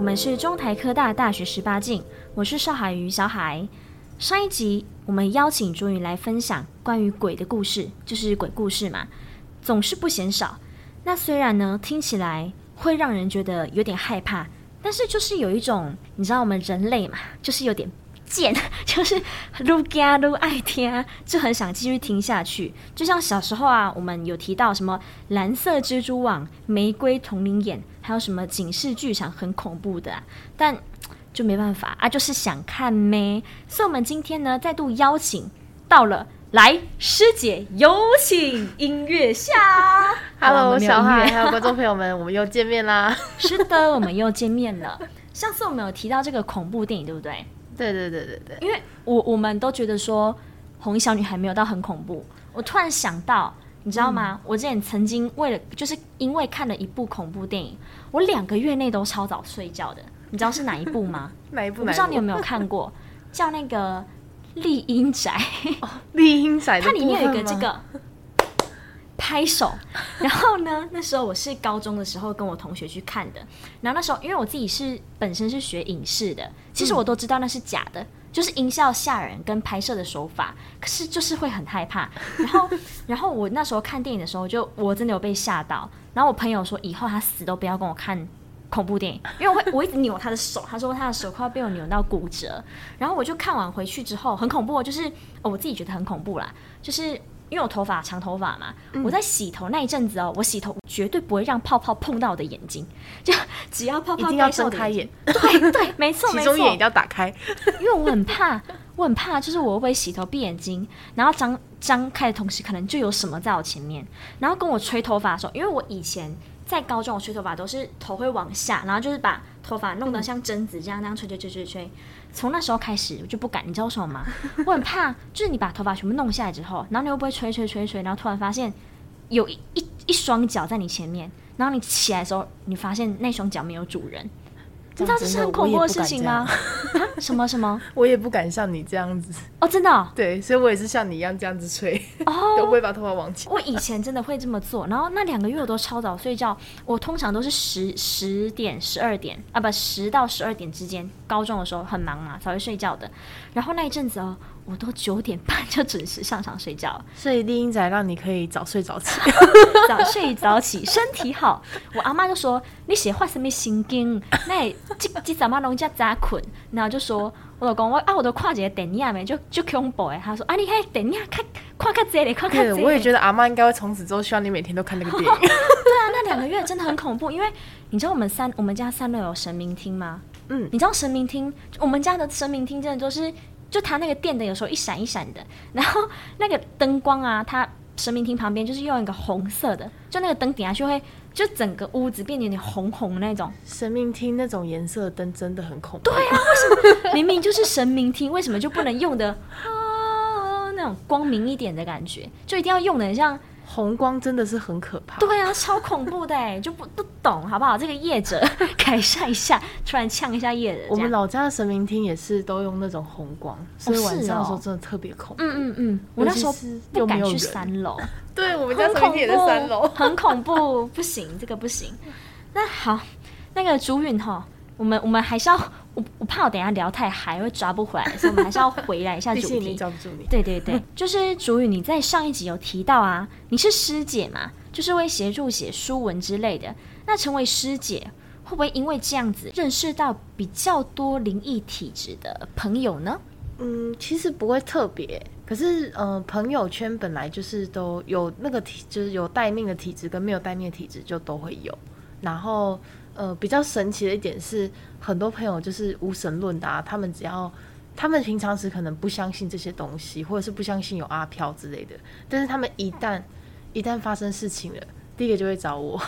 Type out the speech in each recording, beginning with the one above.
我們是中台科大大學十八鏡，我是邵海與小海。上一集我們邀請主語來分享關於鬼的故事，就是鬼故事嘛，總是不嫌少。那雖然呢，聽起來會讓人覺得有點害怕，但是就是有一種，你知道我們人類嘛，就是有點。見就是越怕越愛聽，就很想繼續聽下去。就像小時候啊，我們有提到什麼藍色蜘蛛網、玫瑰瞳鈴眼，還有什麼警示劇場，很恐怖的、啊，但就沒辦法啊，就是想看咩？所以，我們今天呢，再度邀請到了來師姐，有請音樂下。Hello，小海還有觀眾朋友們，我們又見面啦！ 是的，我們又見面了。 上次我們有提到這個恐怖電影，對不對？對對對對對，因為我我們都覺得說紅衣小女孩沒有到很恐怖。我突然想到，你知道嗎？嗯、我之前曾經為了就是因為看了一部恐怖電影，我兩個月內都超早睡覺的。你知道是哪一部嗎？ 哪一部，哪一部？我不知道你有沒有看過， 叫那個《厲陰宅》。哦，《厲陰宅》的嗎？它裡面有一個這個。拍手，然後呢？那時候我是高中的時候跟我同學去看的。然後那時候，因為我自己是本身是學影視的，其實我都知道那是假的，嗯、就是音效嚇人跟拍攝的手法，可是就是會很害怕。然後，然後我那時候看電影的時候就，就我真的有被嚇到。然後我朋友說，以後他死都不要跟我看恐怖電影，因為我會我一直扭他的手。他說他的手快要被我扭到骨折。然後我就看完回去之後，很恐怖，就是、哦、我自己覺得很恐怖啦，就是。因為我頭髮長頭髮嘛，嗯、我在洗頭那一陣子哦，我洗頭絕對不會讓泡泡碰到我的眼睛，就只要泡泡一定要睜開眼，眼睛對對，沒錯沒錯，其中一眼一定要打開。因為我很怕，我很怕，就是我會不會洗頭閉眼睛， 然後張張開的同時，可能就有什麼在我前面，然後跟我吹頭髮的時候，因為我以前在高中我吹頭髮都是頭會往下，然後就是把頭髮弄得像貞子這樣那、嗯、樣吹吹吹吹吹。從那時候開始，我就不敢，你知道為什麼嗎？ 我很怕，就是你把頭髮全部弄下來之後，然後你又不會吹吹吹吹，然後突然發現有一一雙腳在你前面，然後你起來的時候，你發現那雙腳沒有主人。你知道這是很恐怖的事情嗎？ 什麼什麼？我也不敢像你這樣子，oh, 哦，真的對，所以我也是像你一樣這樣子吹哦，oh, 都不會把頭髮往前。我以前真的會這麼做，然後那兩個月我都超早睡覺，我通常都是十十點十二點啊不，不十到十二點之間。高中的時候很忙嘛，早睡睡覺的。然後那一陣子哦，我都九點半就準時上床睡覺了。所以麗英仔讓你可以早睡早起， 早睡早起身體好。我阿媽就說：“你寫畫什麼神經？」那 這這什麼龍家咋捆，然後就說，我老公我啊，我的跨界一下，沒，就就恐怖哎。他說啊，你看電影看，看看這裡，看看這裡。我也覺得阿媽應該會從此之後，希望你每天都看那個電影、 哦。對啊，那兩個月真的很恐怖，因為你知道我們三， 我們家三樓有神明廳嗎？嗯，你知道神明廳，我們家的神明廳真的就是，就他那個電燈有時候一閃一閃的，然後那個燈光啊，他神明廳旁邊就是用一個紅色的，就那個燈點下去會。就整個屋子，變得有點紅紅那種神明廳那種顏色的燈，真的很恐怖。對啊，為什麼明明就是神明廳， 為什麼就不能用的啊，啊，啊，啊那種光明一點的感覺？就一定要用的很像。紅光真的是很可怕，對啊，超恐怖的， 就不，不懂好不好？這個業者，改善一下，突然嗆一下業者。我們老家的神明廳也是都用那種紅光，所以晚上的時候真的特別恐怖。嗯嗯嗯，哦、我那時候是不敢去三樓，對，我們家神明廳也是三樓，很恐怖，不行，這個不行。那好，那個竹允齁。我們我們還是要，我我怕我等一下聊太嗨會抓不回來，所以我們還是要回來一下主題。 抓不住你。對對對， 就是主語，你在上一集有提到啊，你是師姐嘛，就是會協助寫書文之類的。那成為師姐，會不會因為這樣子認識到比較多靈異體質的朋友呢？嗯，其實不會特別，可是呃，朋友圈本來就是都有那個體，就是有待命的體質跟沒有待命的體質就都會有，然後。呃，比較神奇的一點是，很多朋友就是無神論的啊，他們只要他們平常時可能不相信這些東西，或者是不相信有阿飄之類的，但是他們一旦一旦發生事情了，第一個就會找我。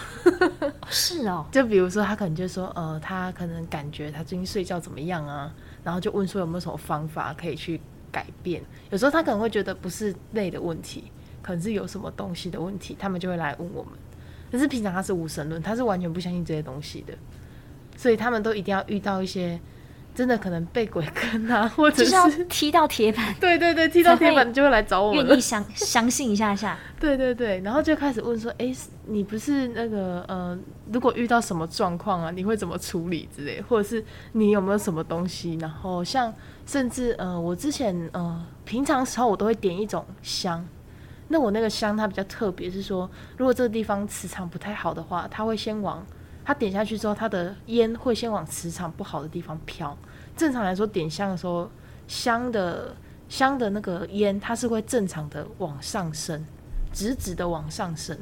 是哦，就比如說他可能就說，呃，他可能感覺他最近睡覺怎麼樣啊，然後就問說有沒有什麼方法可以去改變。有時候他可能會覺得不是累的問題，可能是有什麼東西的問題，他們就會來問我們。可是平常他是無神論，他是完全不相信這些東西的，所以他們都一定要遇到一些真的可能被鬼跟啊，或者是踢到鐵板， 對對對，踢到鐵板就會來找我了，願意相相信一下下， 對對對，然後就開始問說，哎、欸，你不是那個呃，如果遇到什麼狀況啊，你會怎麼處理之類的，或者是你有沒有什麼東西，然後像甚至呃，我之前呃平常時候我都會點一種香。那我那個香它比較特別，是說如果這個地方磁場不太好的話，它會先往它點下去之後，它的煙會先往磁場不好的地方飄。正常來說點香的時候，香的香的那個煙它是會正常的往上升，直直的往上升。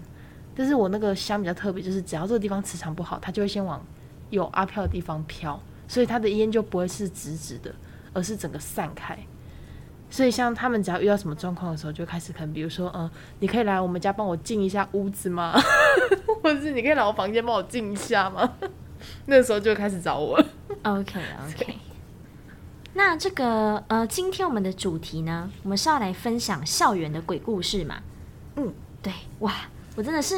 但是我那個香比較特別，就是只要這個地方磁場不好，它就會先往有阿飄的地方飄，所以它的煙就不會是直直的，而是整個散開。所以，像他們只要遇到什麼狀況的時候，就開始可能，比如說，嗯，你可以來我們家幫我淨一下屋子嗎？ 或者是你可以來我房間幫我淨一下嗎？ 那時候就開始找我。OK OK 以。那這個呃，今天我們的主題呢，我們是要來分享校園的鬼故事嘛？嗯，對，哇，我真的是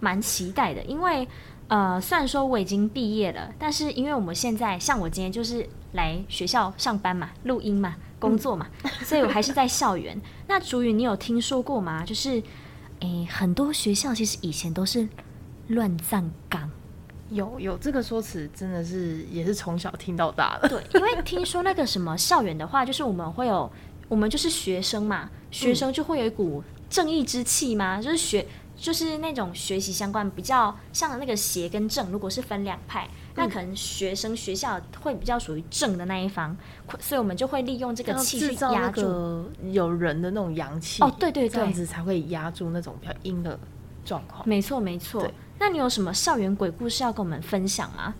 蠻期待的，因為呃，雖然說我已經畢業了，但是因為我們現在像我今天就是來學校上班嘛，錄音嘛。工作嘛，嗯、所以我還是在校園。 那主語，你有聽說過嗎？就是，誒、欸，很多學校其實以前都是亂葬崗，有有這個說辭，真的是也是從小聽到大的。 對，因為聽說那個什麼校園的話，就是我們會有，我們就是學生嘛，學生就會有一股正義之氣嘛，嗯、就是學就是那種學習相關，比較像的那個邪跟正，如果是分兩派。那可能學生學校會比較屬於正的那一方，所以我們就會利用這個氣去壓住有人的那種陽氣。哦，對對，對，這樣子才會壓住那種比較陰的狀況。沒錯沒錯。對那你有什麼校園鬼故事要跟我們分享嗎？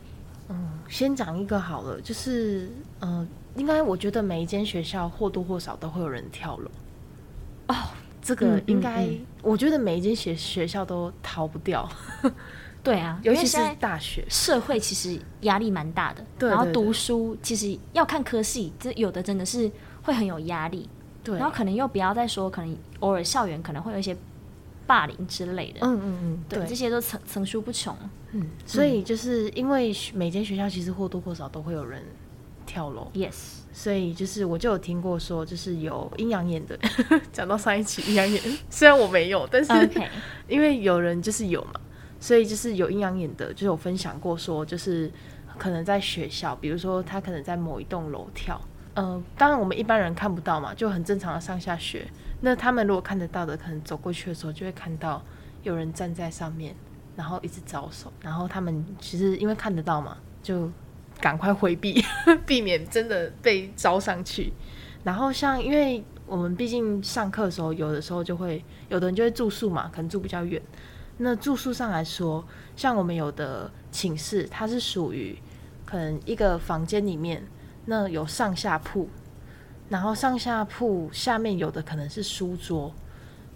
嗯，先講一個好了，就是呃，應該我覺得每一間學校或多或少都會有人跳樓。哦，這個應該、嗯嗯嗯、我覺得每一間學學校都逃不掉。 對啊，尤其是大學社會其實壓力蠻大的，對對對對。然後讀書其實要看科系，這有的真的是會很有壓力。對，然後可能又不要再說，可能偶爾校園可能會有一些霸凌之類的。嗯嗯嗯，對，對，這些都層層出不窮。嗯，所以就是因為每間學校其實或多或少都會有人跳樓。Yes，所以就是我就有聽過說，就是有陰陽眼的，講 到上一期陰陽眼， 雖然我沒有，但是因為有人就是有嘛。所以就是有陰陽眼的，就是有分享過說，就是可能在學校，比如說他可能在某一棟樓跳，嗯、呃，當然我們一般人看不到嘛，就很正常的上下學。那他們如果看得到的，可能走過去的時候就會看到有人站在上面，然後一直招手，然後他們其實因為看得到嘛，就趕快回避，呵呵，避免真的被招上去。然後像因為我們畢竟上課的時候，有的時候就會有的人就會住宿嘛，可能住比較遠。那住宿上來說，像我們有的寢室，它是屬於可能一個房間裡面，那有上下鋪，然後上下鋪下面有的可能是書桌。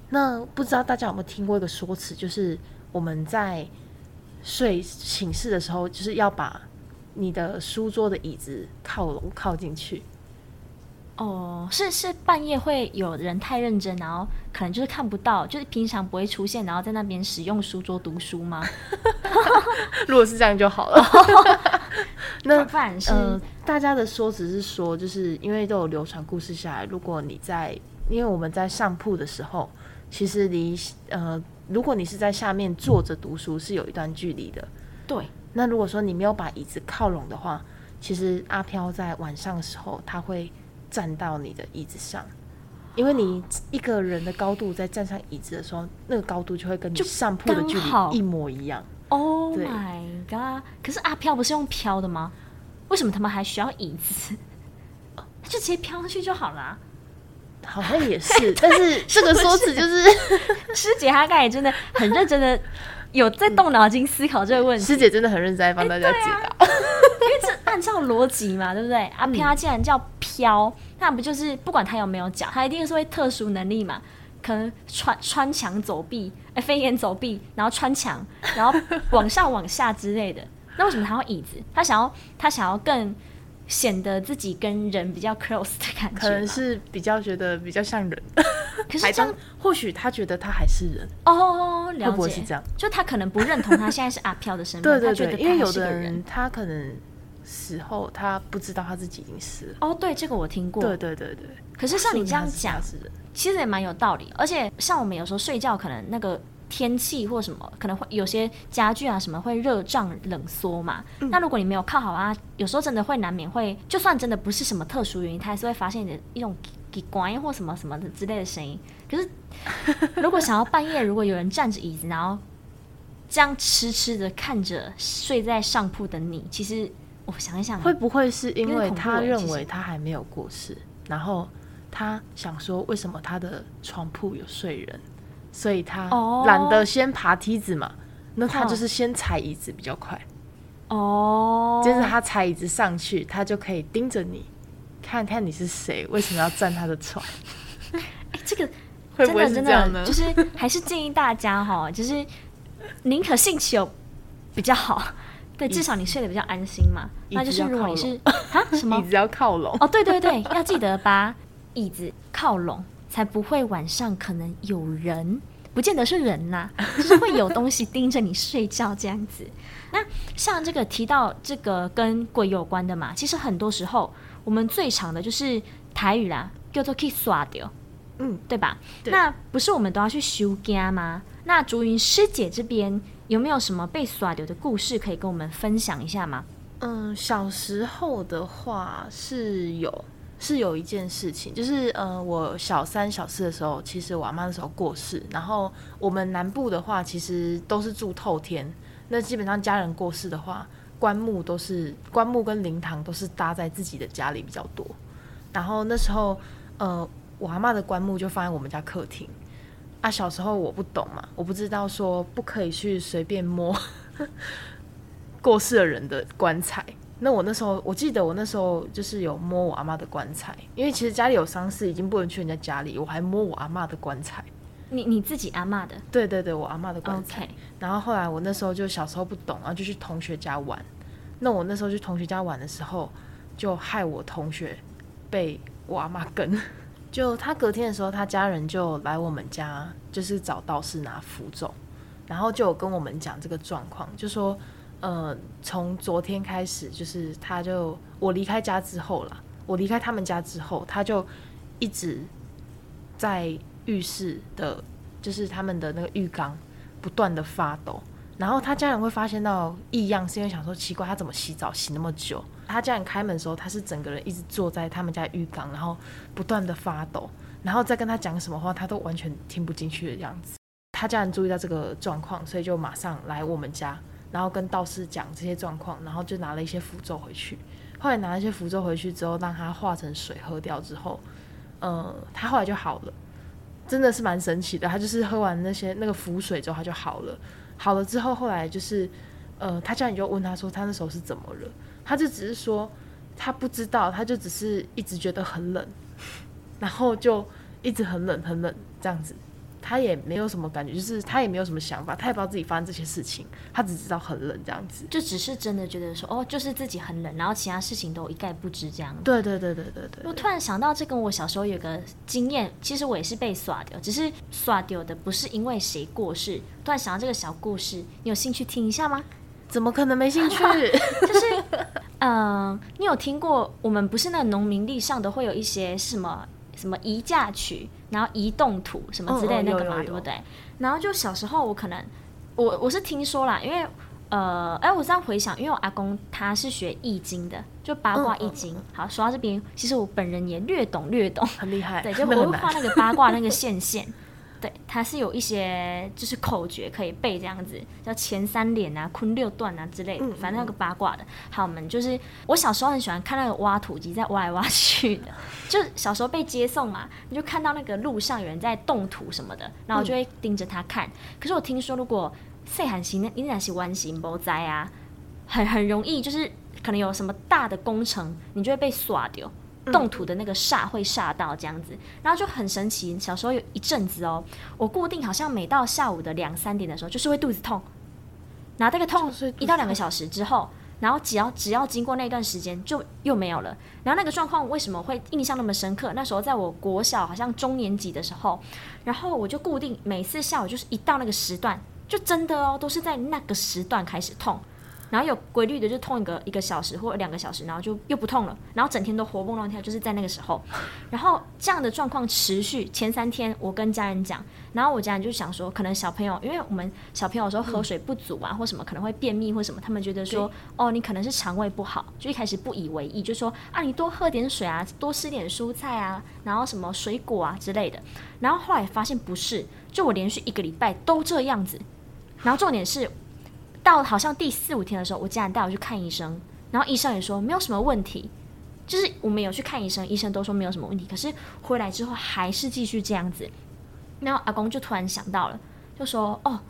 那不知道大家有沒有聽過一個說辭，就是我們在睡寢室的時候，就是要把你的書桌的椅子靠攏靠進去。哦，是是半夜會有人太認真，然後可能就是看不到，就是平常不會出現，然後在那邊使用書桌讀書嗎？ 如果是這樣就好了。哦、 那反是、呃、大家的說只是說，就是因為都有流傳故事下來。如果你在，因為我們在上鋪的時候，其實離呃，如果你是在下面坐着讀書、嗯、是有一段距離的。對。那如果說你沒有把椅子靠攏的話，其實阿飄在晚上的時候他會。站到你的椅子上，因為你一個人的高度在站上椅子的時候，那個高度就會跟你上鋪的距離一模一樣。對 Oh my god！可是阿飄不是用飄的嗎？為什麼他們還需要椅子？他就直接飄上去就好了、啊。好像也是， 但是這個說辭就是師姐她剛才真的很認真的有在動腦筋思考這個問題、嗯。師姐真的很認真在幫大家解答、欸。按照邏輯嘛，對不對？阿飄他竟然叫飄，嗯、那不就是不管他有沒有腳，他一定是會特殊能力嘛？可能穿穿牆走壁，哎，飛檐走壁，然後穿牆，然後往上往下之類的。 那為什麼他要椅子？他想要他想要更顯得自己跟人比較 close 的感覺，可能是比較覺得比較像人。可是這樣， 或許他覺得他還是人哦。了解，會不會是這樣？就他可能不認同他現在是阿飄的身份， 對，對，對，他覺得他因為有的人他可能。死後他不知道他自己已經死了。哦，對，這個我聽過，對對對對。可是像你這樣講的，他是他是其實也蠻有道理。而且像我們有時候睡覺，可能那個天氣或什麼，可能會有些家具啊什麼會熱脹冷縮嘛。嗯、那如果你沒有看好啊，有時候真的會難免會，就算真的不是什麼特殊原因，它還是會發現你的一種嘰呱音或什麼什麼的之類的聲音。可是如果想要半夜，如果有人站着椅子， 然後這樣痴痴的看着睡在上鋪的你，其實。我想一想，會不會是因為他認為他還沒有過世，然後他想說為什麼他的床鋪有睡人，所以他懶得先爬梯子嘛？Oh. 那他就是先踩椅子比較快。哦，接著他踩椅子上去，他就可以盯着你，看看你是誰，為什麼要占他的床？哎、 欸，這個會不會是這樣呢的？就是還是建議大家哈， 就是寧可信其有比較好。對，至少你睡得比較安心嘛。椅子 那就是，如果你是什麼椅子要靠攏哦？對對對，要記得把 椅子靠攏，才不會晚上可能有人，不見得是人吶、啊，就是會有東西盯着你睡覺這樣子。 那像這個提到這個跟鬼有關的嘛，其實很多時候我們最常的就是台語啦，叫做 k i s s 耍掉”，嗯，對吧？對那不是我們都要去收驚嗎？那竹雲師姐這邊。有沒有什麼被耍掉的故事可以跟我們分享一下嗎？嗯，小時候的話是有，是有一件事情，就是呃，我小三小四的時候，其實我阿媽那時候過世，然後我們南部的話，其實都是住透天，那基本上家人過世的話，棺木都是棺木跟靈堂都是搭在自己的家裡比較多，然後那時候呃，我阿媽的棺木就放在我們家客廳。啊，小時候我不懂嘛，我不知道說不可以去隨便摸 過世的人的棺材。那我那時候，我記得我那時候就是有摸我阿媽的棺材，因為其實家裡有喪事，已經不能去人家家裡，我還摸我阿媽的棺材。你、你自己阿媽的？對對對，我阿媽的棺材。Okay. 然後後來我那時候就小時候不懂，然後就去同學家玩。那我那時候去同學家玩的時候，就害我同學被我阿媽跟。就他隔天的時候，他家人就來我們家，就是找道士拿符咒，然後就跟我們講這個狀況，就說，呃，從昨天開始，就是他就我離開家之後啦，我離開他們家之後，他就一直在浴室的，就是他們的那個浴缸不斷的發抖，然後他家人會發現到異樣，是因為想說奇怪，他怎麼洗澡洗那麼久？他家人開門的時候，他是整個人一直坐在他們家的浴缸，然後不斷的發抖，然後再跟他講什麼話，他都完全聽不進去的樣子。他家人注意到這個狀況，所以就馬上來我們家，然後跟道士講這些狀況，然後就拿了一些符咒回去。後來拿了一些符咒回去之後，讓他化成水喝掉之後，嗯、呃，他後來就好了，真的是蠻神奇的。他就是喝完那些那個符水之後，他就好了。好了之後，後來就是，呃，他家人就問他說，他那時候是怎麼了？他就只是說，他不知道，他就只是一直覺得很冷，然後就一直很冷很冷這樣子，他也沒有什麼感覺，就是他也沒有什麼想法，他也不知道自己發生這些事情，他只知道很冷這樣子，就只是真的覺得說，哦，就是自己很冷，然後其他事情都一概不知這樣子。對對對對對，對，對，我突然想到、這個，這跟我小時候有個經驗，其實我也是被耍掉，只是耍掉的不是因為誰過世。突然想到這個小故事，你有興趣聽一下嗎？怎麼可能沒興趣？啊、就是。嗯，你有聽過我們不是那農民曆上的會有一些什麼什麼宜嫁娶、然後宜動土什麼之類的那個嗎？嗯嗯、對不對？然後就小時候我可能我我是聽說啦，因為呃，哎、欸，我這樣回想，因為我阿公他是學易經的，就八卦易經。嗯嗯、好，說到這邊，其實我本人也略懂略懂，很厲害，對，就我會畫那個八卦那個線線。 對，它是有一些就是口訣可以背這樣子，叫乾三連啊、坤六斷啊之類的，反正那個八卦的。還有、嗯嗯、我們就是，我小時候很喜歡看那個挖土機在挖來挖去的，嗯、就小時候被接送嘛，你就看到那個路上有人在動土什麼的，然後我就會盯着他看。嗯、可是我聽說，如果歲寒行呢，你那是萬行不災啊，很很容易就是可能有什麼大的工程，你就會被耍掉。動土的那個煞會煞到這樣子，嗯、然後就很神奇。小時候有一陣子哦，我固定好像每到下午的兩三點的時候，就是會肚子痛，然後那個痛一到兩個小時之後，然後只要只要經過那段時間，就又沒有了。然後那個狀況為什麼會印象那麼深刻？那時候在我國小好像中年級的時候，然後我就固定每次下午就是一到那個時段，就真的哦，都是在那個時段開始痛。然後有規律的就痛一個一個小時或者兩個小時，然後就又不痛了，然後整天都活蹦亂跳，就是在那個時候，然後這樣的狀況持續前三天，我跟家人講，然後我家人就想說可能小朋友因為我們小朋友有時候喝水不足啊、嗯、或什麼可能會便祕或什麼，他們覺得說對哦你可能是腸胃不好，就一開始不以為意，就說啊你多喝點水啊，多吃點蔬菜啊，然後什麼水果啊之類的，然後後來發現不是，就我連續一個禮拜都這樣子，然後重點是。到好像第四五天的時候，我家人帶我去看醫生，然後醫生也說沒有什麼問題，就是我們有去看醫生，醫生都說沒有什麼問題。可是回來之後還是繼續這樣子，然後阿公就突然想到了，就說：“哦，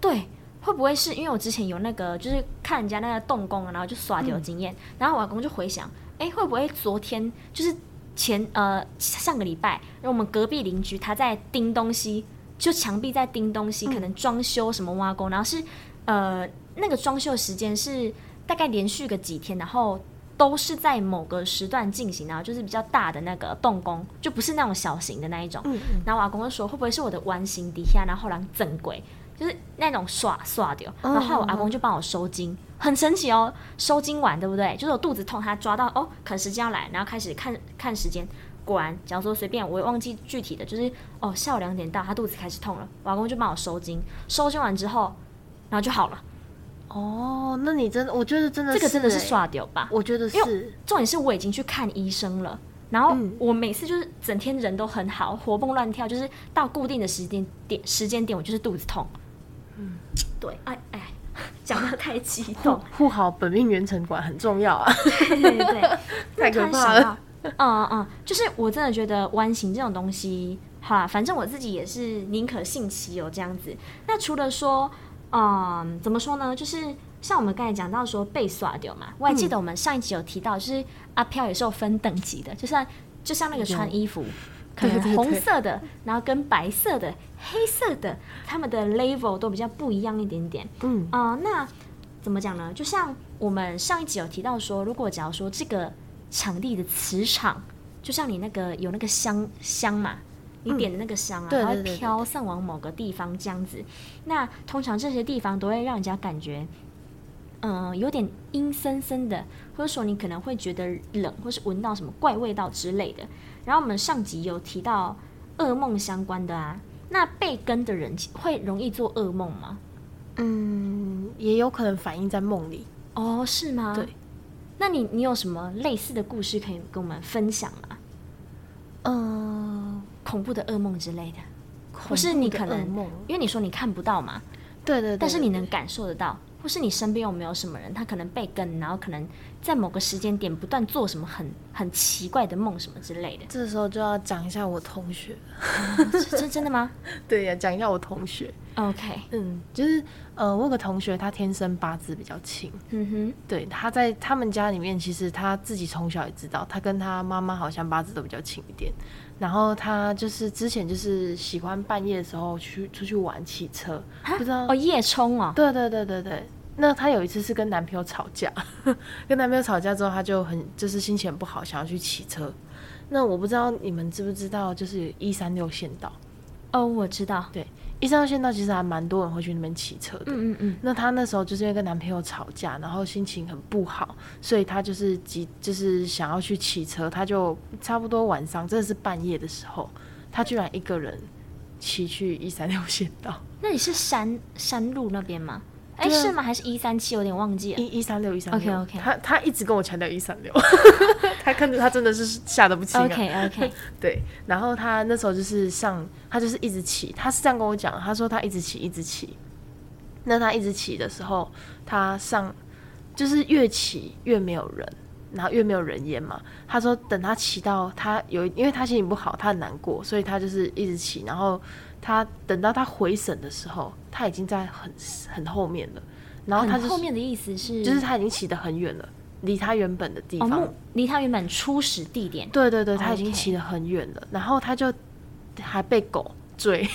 對，會不會是因為我之前有那個，就是看人家那個動工，然後就刷掉經驗？嗯、然後我阿公就回想，哎、欸，會不會昨天就是前呃上個禮拜，我們隔壁鄰居他在釘東西，就牆壁在釘東西，嗯、可能裝修什麼挖工，然後是。”呃，那個裝修時間是大概連續個幾天，然後都是在某個時段進行，然後就是比較大的那個動工，就不是那種小型的那一種。嗯、然後我阿公就說：“嗯、會不會是我的彎形底下？”然後後來整鬼，就是那種刷刷掉。嗯、然後我阿公就幫我收驚，嗯、很神奇哦，收驚完對不對？就是我肚子痛，他抓到哦，可能時間要來，然後開始看看時間。果然，假如說隨便，我也忘記具體的就是哦，下午兩點到，他肚子開始痛了，我阿公就幫我收驚，收驚完之後。然後就好了，哦，那你真的，我覺得真的是，這個真的是刷掉吧？我覺得是，因為重點是我已經去看醫生了，然後我每次就是整天人都很好，嗯、活蹦亂跳，就是到固定的時間點時間點，點我就是肚子痛。嗯，對，哎哎，講得太激動，護好本命元神管很重要啊。 對對對，太可怕了。嗯嗯，就是我真的覺得彎形這種東西，好啦，反正我自己也是寧可信其有這樣子。那除了說。嗯，怎麼說呢？就是像我們剛才講到說被耍掉嘛，我還記得我們上一集有提到，就是阿飄也是有分等級的，嗯、就算就像那個穿衣服，嗯、可能紅色的，然後跟白色的、嗯、黑色的，他們的 level 都比較不一樣一點點。嗯，啊、嗯，那怎麼講呢？就像我們上一集有提到說，如果假如說這個場地的磁場，就像你那個有那個香香嘛。你點的那個香啊，它會、嗯、飄散往某個地方，這樣子。那通常這些地方都會讓人家感覺，嗯、呃，有點陰森森的，或者說你可能會覺得冷，或是聞到什麼怪味道之類的。然後我們上集有提到噩夢相關的啊，那被跟的人會容易做噩夢嗎？嗯，也有可能反映在夢裡。哦，是嗎？對。那你你有什麼類似的故事可以跟我們分享嗎、啊？嗯、呃。恐怖的噩夢之類的，恐怖的噩夢或是你可能，因為你說你看不到嘛，對，對對對，但是你能感受得到，或是你身邊有沒有什麼人，他可能被跟，然後可能在某個時間點不斷做什麼很很奇怪的夢什麼之類的，這時候就要講一、 一下我同學，這真的嗎？對呀，講一下我同學。OK，嗯，就是呃，我有個同學，他天生八字比較輕，嗯哼，對，他在他們家裡面，其實他自己從小也知道，他跟他媽媽好像八字都比較輕一點。然後他就是之前就是喜歡半夜的時候去出去玩騎車，哈不知道哦夜衝啊、哦，對對對對對。那他有一次是跟男朋友吵架，呵呵跟男朋友吵架之後他就很就是心情不好，想要去騎車。那我不知道你們知不知道，就是一三六線道，哦，我知道，對。一三六線道其實還蠻多人會去那邊騎車的。嗯嗯嗯。那她那時候就是因為跟男朋友吵架，然後心情很不好，所以她就是急，就是想要去騎車。她就差不多晚上，真的是半夜的時候，她居然一個人騎去一三六線道。那你是山山路那邊嗎？哎，是嗎？還是一三七？我有點忘記了，一一三六一三六。136, 136, OK OK，他他一直跟我強調一三六，他看着他真的是嚇得不輕、啊。OK OK， 對。然後他那時候就是上，他就是一直騎。他是這樣跟我講，他說他一直騎，一直騎。那他一直騎的時候，他上就是越騎越沒有人，然後越沒有人煙嘛。他說等他騎到他有，因為他心情不好，他很難過，所以他就是一直騎，然後。他等到他回神的時候，他已經在很很後面了。然後他後面的意思是，就是他已經騎得很遠了，離他原本的地方，oh, 離他原本初始地點。對對對，他已經騎得很遠了，Okay. 然後他就還被狗追。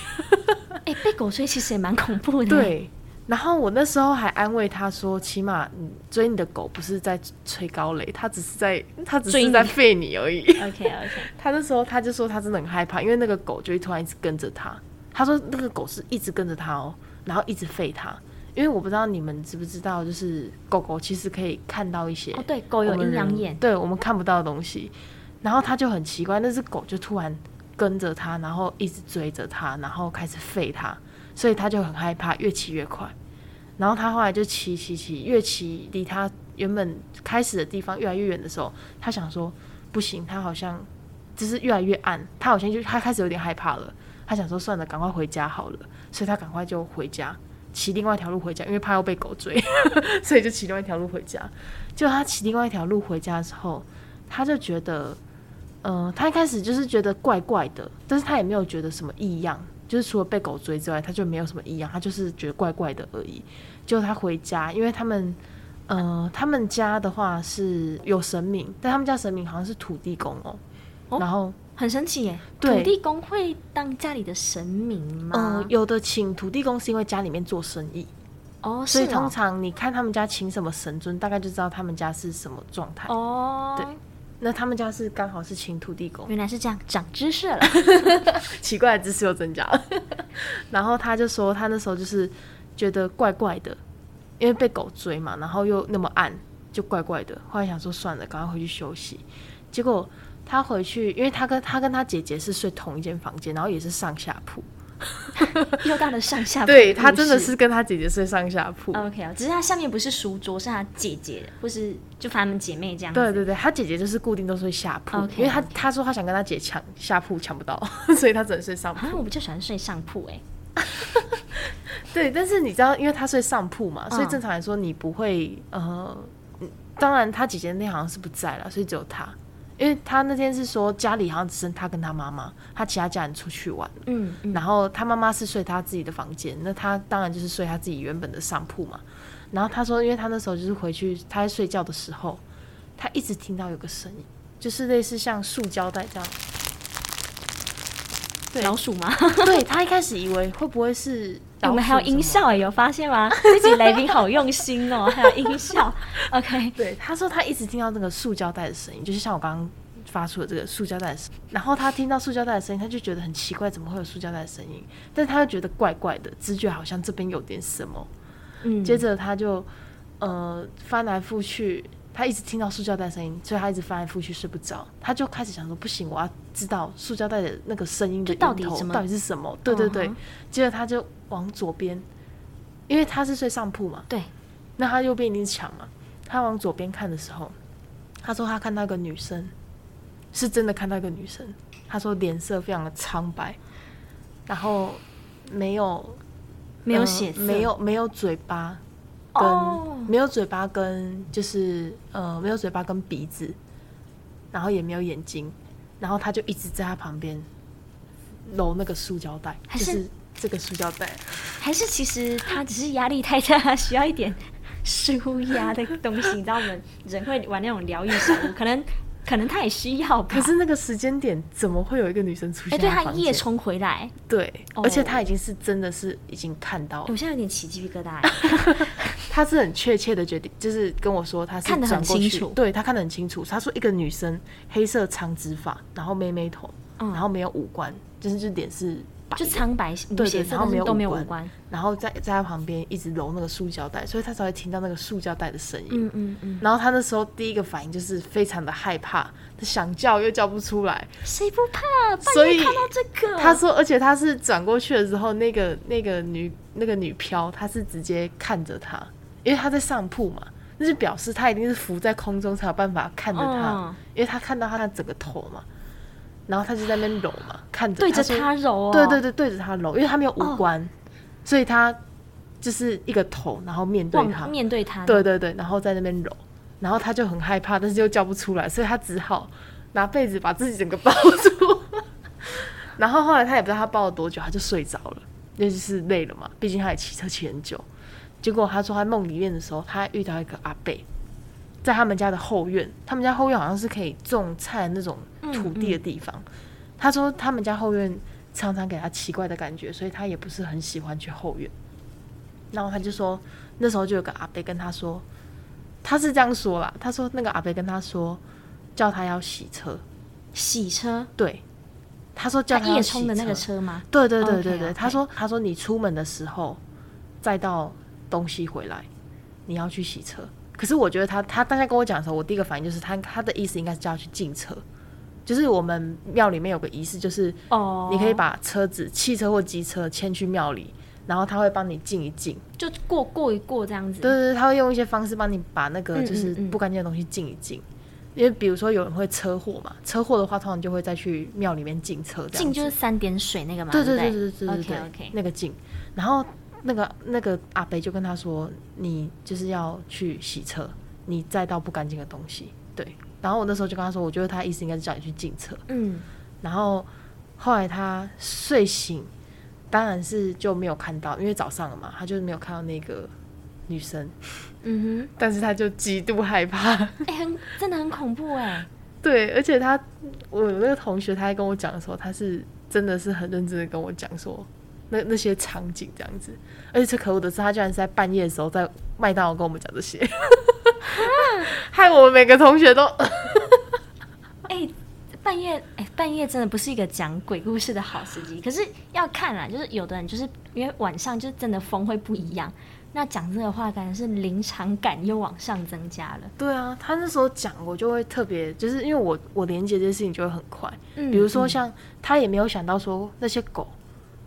哎、 欸，被狗追其實也蠻恐怖的。對。然後我那時候還安慰他說，起碼你追你的狗不是在吹狗螺，他只是在他只是在吠你而已。OK OK。他那時候他就說他真的很害怕，因為那個狗就會突然一直跟着他。他說：“那個狗是一直跟着他哦，然後一直吠他。因為我不知道你們知不知道，就是狗狗其實可以看到一些哦，對，狗有陰陽眼，對，我們看不到的東西。然後他就很奇怪，那隻狗就突然跟着他，然後一直追着他，然後開始吠他，所以他就很害怕，越騎越快。然後他後來就騎騎騎，越騎離他原本開始的地方越來越遠的時候，他想說不行，他好像就是越來越暗，他好像就他開始有點害怕了。”他想說算了，趕快回家好了，所以他趕快就回家，騎另外一條路回家，因為怕又被狗追，呵呵，所以就騎另外一條路回家。結果他騎另外一條路回家的時候，他就覺得，嗯、呃，他一開始就是覺得怪怪的，但是他也沒有覺得什麼異樣，就是除了被狗追之外，他就沒有什麼異樣，他就是覺得怪怪的而已。結果他回家，因為他們，嗯、呃，他們家的話是有神明，但他們家神明好像是土地公、喔、哦，然後。很神奇耶，對土地公會當家裡的神明嗎？嗯，有的請土地公是因為家裡面做生意。哦，所以通常你看他們家請什麼神尊，哦、大概就知道他們家是什麼狀態。哦，對，那他們家是剛好是請土地公。原來是這樣，長知識了， 奇怪的知識又增加了。 然後他就說，他那時候就是覺得怪怪的，因為被狗追嘛，然後又那麼暗，就怪怪的。後來想說算了，趕快回去休息。結果。他回去，因為他跟他跟他姐姐是睡同一間房間，然後也是上下鋪， 又到了上下。 鋪，對，他真的是跟他姐姐睡上下鋪。OK，只是他下面不是書桌，是他姐姐，或是就他們姐妹這樣。對對對，他姐姐就是固定都睡下鋪，okay, okay. 因為他他說他想跟他姐搶下鋪搶不到， 所以他只能睡上鋪、啊。我不就喜歡睡上鋪哎、欸。 對，但是你知道，因為他睡上鋪嘛，所以正常來說你不會、oh. 呃，當然他姐姐那好像是不在了，所以只有他。因為他那天是說家裡好像只剩他跟他媽媽，他其他家人出去玩，嗯。嗯，然後他媽媽是睡他自己的房間，那他當然就是睡他自己原本的上鋪嘛。然後他說，因為他那時候就是回去他在睡覺的時候，他一直聽到有個聲音，就是類似像塑膠袋這樣。對，老鼠嗎？ 對，他一開始以為會不會是。我們還有音效哎、欸， 有發現嗎？ 這幾個來賓好用心哦、喔， 還有音效。OK，對，他說他一直聽到那個塑膠袋的聲音，就是像我剛剛發出的這個塑膠袋的聲音，然後他聽到塑膠袋的聲音，他就覺得很奇怪，怎麼會有塑膠袋的聲音？但是他又覺得怪怪的，直覺好像這邊有點什麼。嗯，接着他就呃翻來覆去。他一直聽到塑膠袋聲音，所以他一直翻來覆去睡不着。他就開始想說：“不行，我要知道塑膠袋的那個聲音的源頭，就到底，什麼到底是什麼？”對對對。嗯、哼接着他就往左邊，因為他是睡上鋪嘛。對。那他右邊一定是牆嘛、啊？他往左邊看的時候，他說他看到一個女生，是真的看到一個女生。他說臉色非常的蒼白，然後沒有沒有血、呃、沒有沒有嘴巴。跟沒有嘴巴，跟就是、oh. 呃，沒有嘴巴跟鼻子，然後也沒有眼睛，然後他就一直在他旁邊揉那個塑膠袋，還是就是這個塑膠袋？還是其實他只是壓力太大， 他需要一點舒壓的東西。你知道我們人會玩那種療癒小物可能。可能他也需要吧。可是那個時間點，怎麼會有一個女生出現的？哎、欸，對他一夜衝回來。對，oh. 而且他已經是真的是已經看到了。我現在有點起雞皮疙瘩。 他是很確切的決定，就是跟我說他是轉過去，看得很清楚。對他看得很清楚。他說一個女生，黑色長直髮，然後妹妹頭，然後沒有五官，嗯、就是這點是。就蒼白，對對，對，然後都沒有五官、五官，然後在在他旁邊一直揉那個塑膠袋，所以他才會聽到那個塑膠袋的聲音。嗯嗯嗯、然後他那時候第一個反應就是非常的害怕，他想叫又叫不出來。誰不怕？半夜看到這個，所以他說，而且他是轉過去的時候，那個那個女那個女飄，她是直接看着他，因為他在上鋪嘛，那就表示他一定是浮在空中才有辦法看着他，哦、因為他看到他的整個頭嘛。然後他就在那邊揉嘛，看着他，對着他揉啊，哦，對對對，對，對着他揉，因為他沒有五官，哦、所以他就是一個頭，然後面對他，面對他，對對對，然後在那邊揉，然後他就很害怕，但是又叫不出來，所以他只好拿被子把自己整個包住。 然後後來他也不知道他抱了多久，他就睡着了，那就是累了嘛，畢竟他也騎車騎很久。結果他說他在夢裡面的時候，他還遇到一個阿伯。在他們家的後院，他們家後院好像是可以種菜的那種土地的地方。嗯嗯。他說他們家後院常常給他奇怪的感覺，所以他也不是很喜歡去後院。然後他就說，那時候就有個阿伯跟他說，他是這樣說啦，他說那個阿伯跟他說，叫他要洗車，洗車，對，他說叫夜衝的那個車嗎？對對，對對對對對，Okay, okay. 他說他說你出門的時候，載到東西回來，你要去洗車。可是我覺得他他大概跟我講的時候，我第一個反應就是他他的意思應該是叫他去進車，就是我們廟裡面有個儀式，就是哦，你可以把車子、汽車或機車牽去廟裡，然後他會幫你進一進，就過過一過這樣子。對對,對他會用一些方式幫你把那個就是不乾淨的東西進一進，嗯嗯嗯因為比如說有人會車禍嘛，車禍的話通常就會再去廟裡面進車這樣。進就是三點水那個嘛。對對,對對對對對對對。OK OK。那個進，然後。那個那個阿北就跟他說：“你就是要去洗車，你載到不乾淨的東西。”對。然後我那時候就跟他說：“我覺得他意思應該是叫你去進車。”嗯。然後後來他睡醒，當然是就沒有看到，因為早上了嘛，他就是沒有看到那個女生。嗯哼。但是他就極度害怕。哎、 欸，很真的很恐怖哎、欸。對，而且他我那個同學他在跟我講的時候，他是真的是很認真的跟我講說。那那些場景這樣子，而且最可惡的是，他居然是在半夜的時候在麥當勞跟我們講這些， 啊、害我們每個同學都。 哎、欸，半夜哎、欸，半夜真的不是一個講鬼故事的好時機。可是要看啦，就是有的人就是因為晚上就真的風會不一樣，那講這個話感覺是臨場感又往上增加了。對啊，他那時候講我就會特別，就是因為我我連接這件事情就會很快。嗯，比如說像他也沒有想到說那些狗。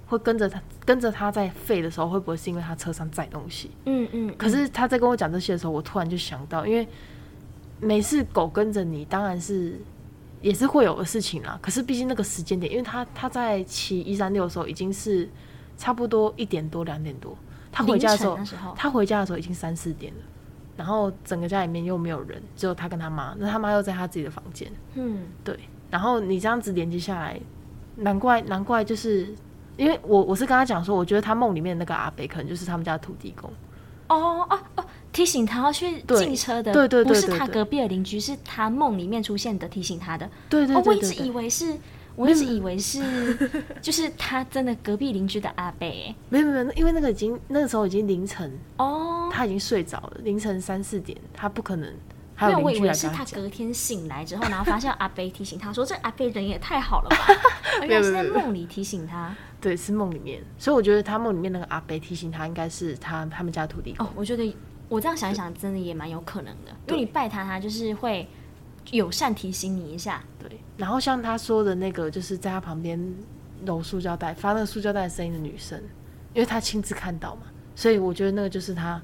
會跟着他，跟着他在吠的時候，會不會是因為他車上載東西？嗯嗯。嗯，可是他在跟我講這些的時候，我突然就想到，因為每次狗跟着你，當然是也是會有的事情啦。可是畢竟那個時間點，因為他他在騎一三六的時候，已經是差不多一點多、兩點多。他回家的時候。凌晨的時候。他回家的時候已經三四點了，然後整個家裡面又沒有人，只有他跟他媽，那他媽又在他自己的房間。嗯，對。然後你這樣子連接下來，難怪，難怪就是。因為我我是跟他講說，我覺得他夢裡面那個阿北可能就是他們家的土地公哦哦哦，oh, oh, oh, 提醒他要去進車的，對對對，不是他隔壁的鄰居，對對對對，是他夢裡面出現的提醒他的，對對對，對對對，oh, 我一直以為是，我一直以為是， 就是他真的隔壁鄰居的阿北、欸，沒有沒有，因為那個已經那個時候已經凌晨哦，oh. 他已經睡着了，凌晨三四點，他不可能。沒有，因為我以為是他隔天醒來之後，然後發現阿伯提醒他說：“ 這阿伯人也太好了吧！” 應該是在夢裡提醒他。 沒有沒有沒有對，是夢裡面。所以我覺得他夢裡面那個阿伯提醒他，應該是他他們家土地公哦。我覺得我這樣想一想，真的也蠻有可能的。對因為你拜他，他就是會友善提醒你一下。對。然後像他說的那個，就是在他旁邊揉塑膠袋、發那個塑膠袋的聲音的女生，因為他親自看到嘛，所以我覺得那個就是他。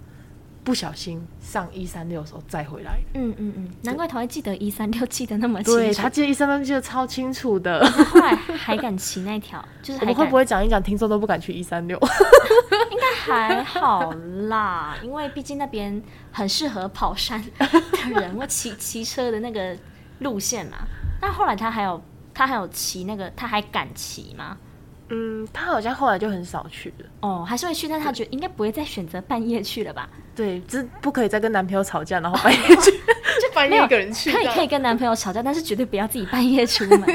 不小心上一三六的時候再回來，嗯嗯嗯，對難怪他還記得一三六記得那麼清楚，對他記得一三六記得超清楚的，後來，嗯、還敢騎那條 就是還，我們會不會講一講聽說都不敢去一三六， 應該還好啦，因為畢竟那邊很適合跑山的人 或騎騎車的那個路線嘛。但後來他還有他還有騎那個，他還敢騎嗎？嗯，他好像後來就很少去了。哦，還是會去，但他覺得應該不會再選擇半夜去了吧。對，就是、不可以再跟男朋友吵架，然後半夜去、哦，就半 夜一個人去。 她也可以跟男朋友吵架， 但是絕對不要自己半夜出門，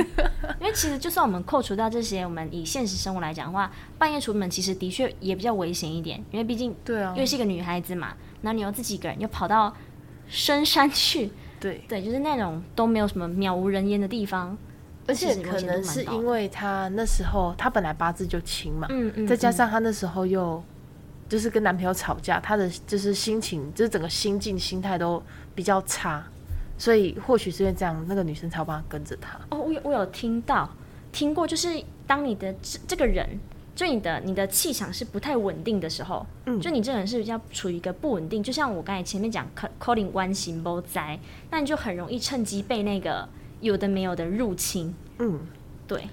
因為其實就算我們扣除掉這些，我們以現實生活來講的話，半夜出門其實的確也比較危險一點，因為畢竟對啊，因為是一個女孩子嘛，那、啊、你又自己一個人又跑到深山去，對對，就是那種都沒有什麼渺無人煙的地方。而且可能是因為她那時候她本來八字就輕嘛，嗯，嗯嗯，再加上她那時候又。就是跟男朋友吵架，她的就是心情，就是整個心境、心態都比較差，所以或許是因為這樣，那個女生才有辦法跟着他。哦，我有我有聽到聽過，就是當你的這這個人，就你的你的氣場是不太穩定的時候，嗯，就你這個人是比較處於一個不穩定，就像我剛才前面講，calling one s y m 災，那你就很容易趁機被那個有的沒有的入侵，嗯，對。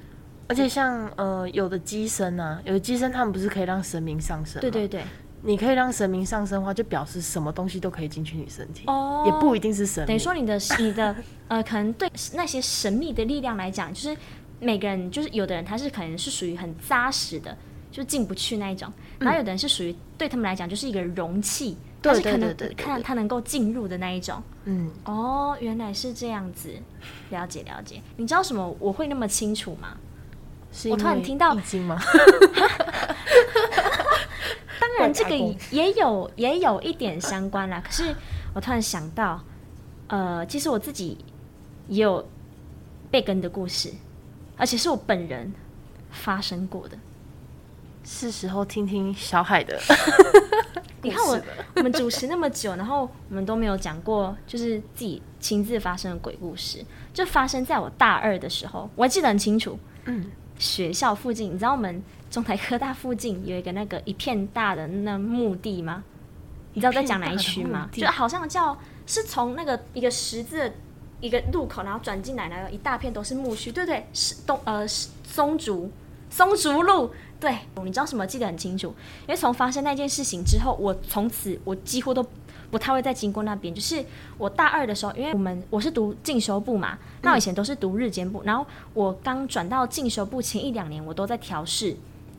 而且像呃有的乩身啊，有的乩身他們不是可以讓神明上身？對對對，你可以讓神明上身的話，就表示什麼東西都可以進去你身體哦，oh, 也不一定是神明。等於說你的你的 呃，可能對那些神秘的力量來講，就是每個人就是有的人他是可能是屬於很扎實的，就進不去那一種，嗯、然後有的人是屬於對他們來講就是一個容器，對對，對對對，他是可能看他能夠進入的那一種。嗯，哦，oh, 原來是這樣子，了解了解。你知道什麼我會那麼清楚嗎？是我突然聽到， 當然這個也有也有一點相關啦。 可是我突然想到，呃，其實我自己也有被跟的故事，而且是我本人發生過的。是時候聽聽小海的，的。你看我，我們主持那麼久，然後我們都沒有講過，就是自己親自發生的鬼故事。就發生在我大二的時候，我記得很清楚。嗯。學校附近，你知道我們中台科大附近有一個那個一片大的那墓地嗎？地你知道在講哪一區嗎？就好像叫是從那個一個十字一個路口，然後轉進來，然後一大片都是墓區，對，對對，是東呃是松竹松竹路，對，你知道什麼？記得很清楚，因為從發生那件事情之後，我從此我幾乎都。不太會再經過那邊。就是我大二的時候，因為我們我是讀進修部嘛，那以前都是讀日間部。嗯、然後我剛轉到進修部前一兩年，我都在調試，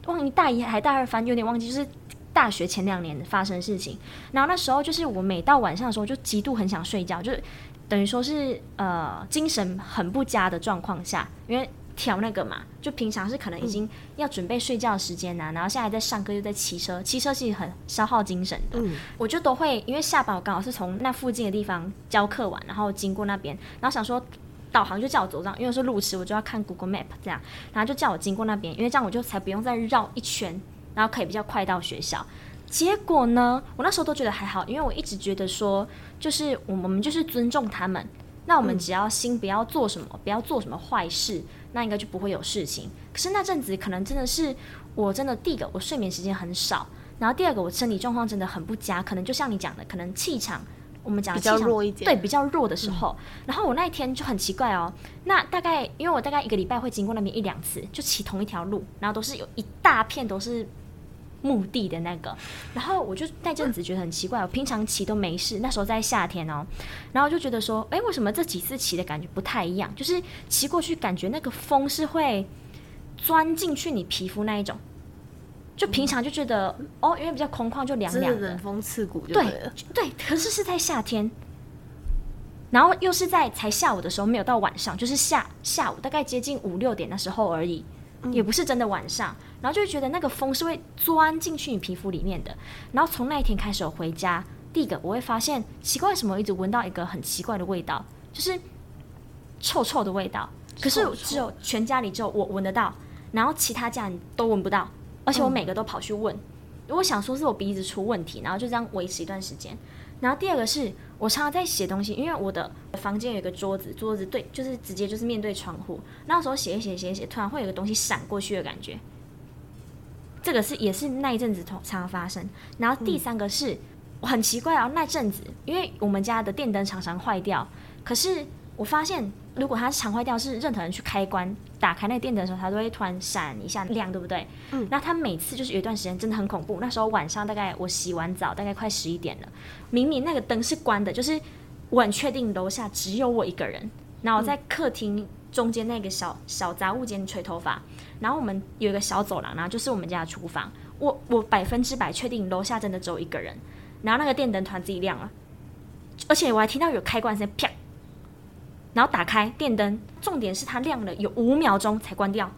忘記大一還大二反，反正有點忘記，就是大學前兩年發生的事情。然後那時候就是我每到晚上的時候，就極度很想睡覺，就等於說是呃精神很不佳的狀況下，因為。調那個嘛，就平常是可能已經要準備睡覺時間吶、啊，嗯、然後現在還在上課，又在騎車，騎車其實很消耗精神的。嗯、我就都會，因為下班我剛好是從那附近的地方教課完，然後經過那邊，然後想說導航就叫我走這樣，因為是路痴，我就要看 Google Map 這樣，然後就叫我經過那邊，因為這樣我就才不用再繞一圈，然後可以比較快到學校。結果呢，我那時候都覺得還好，因為我一直覺得說，就是我們就是尊重他們，那我們只要心不要做什麼，嗯、不要做什麼壞事。那應該就不會有事情。可是那陣子可能真的是我真的第一個，我睡眠時間很少，然後第二個我身體狀況真的很不佳，可能就像你講的，可能氣場，我們講的比較弱一點，對，比較弱的時候。嗯、然後我那一天就很奇怪哦，那大概因為我大概一個禮拜會經過那邊一兩次，就騎同一條路，然後都是有一大片都是。墓地的那個，然後我就那陣子覺得很奇怪，我平常騎都沒事，那時候在夏天哦，然後就覺得說，哎，為什麼這幾次騎的感覺不太一樣？就是騎過去感覺那個風是會鑽進去你皮膚那一種，就平常就覺得、嗯、哦，因為比較空曠就涼涼的，冷風刺骨就對。對，對，可是是在夏天，然後又是在才下午的時候，沒有到晚上，就是下下午大概接近五六點那時候而已。也不是真的晚上，然後就會覺得那個風是會鑽進去你皮膚裡面的，然後從那一天開始我回家，第一個我會發現奇怪，為什麼我一直聞到一個很奇怪的味道，就是臭臭的味道，臭臭，可是我只有全家裡只有我聞得到，然後其他家人都聞不到，而且我每個都跑去問，如果、嗯、想說是我鼻子出問題，然後就這樣維持一段時間，然後第二個是。我常常在寫東西，因為我的房間有一個桌子，桌子對，就是直接就是面對窗戶。那時候寫一寫，寫一寫，突然會有個東西閃過去的感覺。這個是也是那一陣子常常發生。然後第三個是，我很奇怪啊、哦，那陣子因為我們家的電燈常常壞掉，可是我發現。如果它是常壞掉，是任何人去開關打開那個電燈的時候，它都會突然閃一下亮，嗯、對不對？嗯。那它每次就是有一段時間真的很恐怖。那時候晚上大概我洗完澡，大概快十一點了，明明那個燈是關的，就是我很確定樓下只有我一個人。然後我在客廳中間那個小小雜物間吹頭髮，然後我們有一個小走廊，然後就是我們家的廚房。我我百分之百確定樓下真的只有一個人。然後那個電燈突然自己亮了，而且我還聽到有開關聲，啪。然後打開電燈，重點是它亮了有五秒鐘才關掉，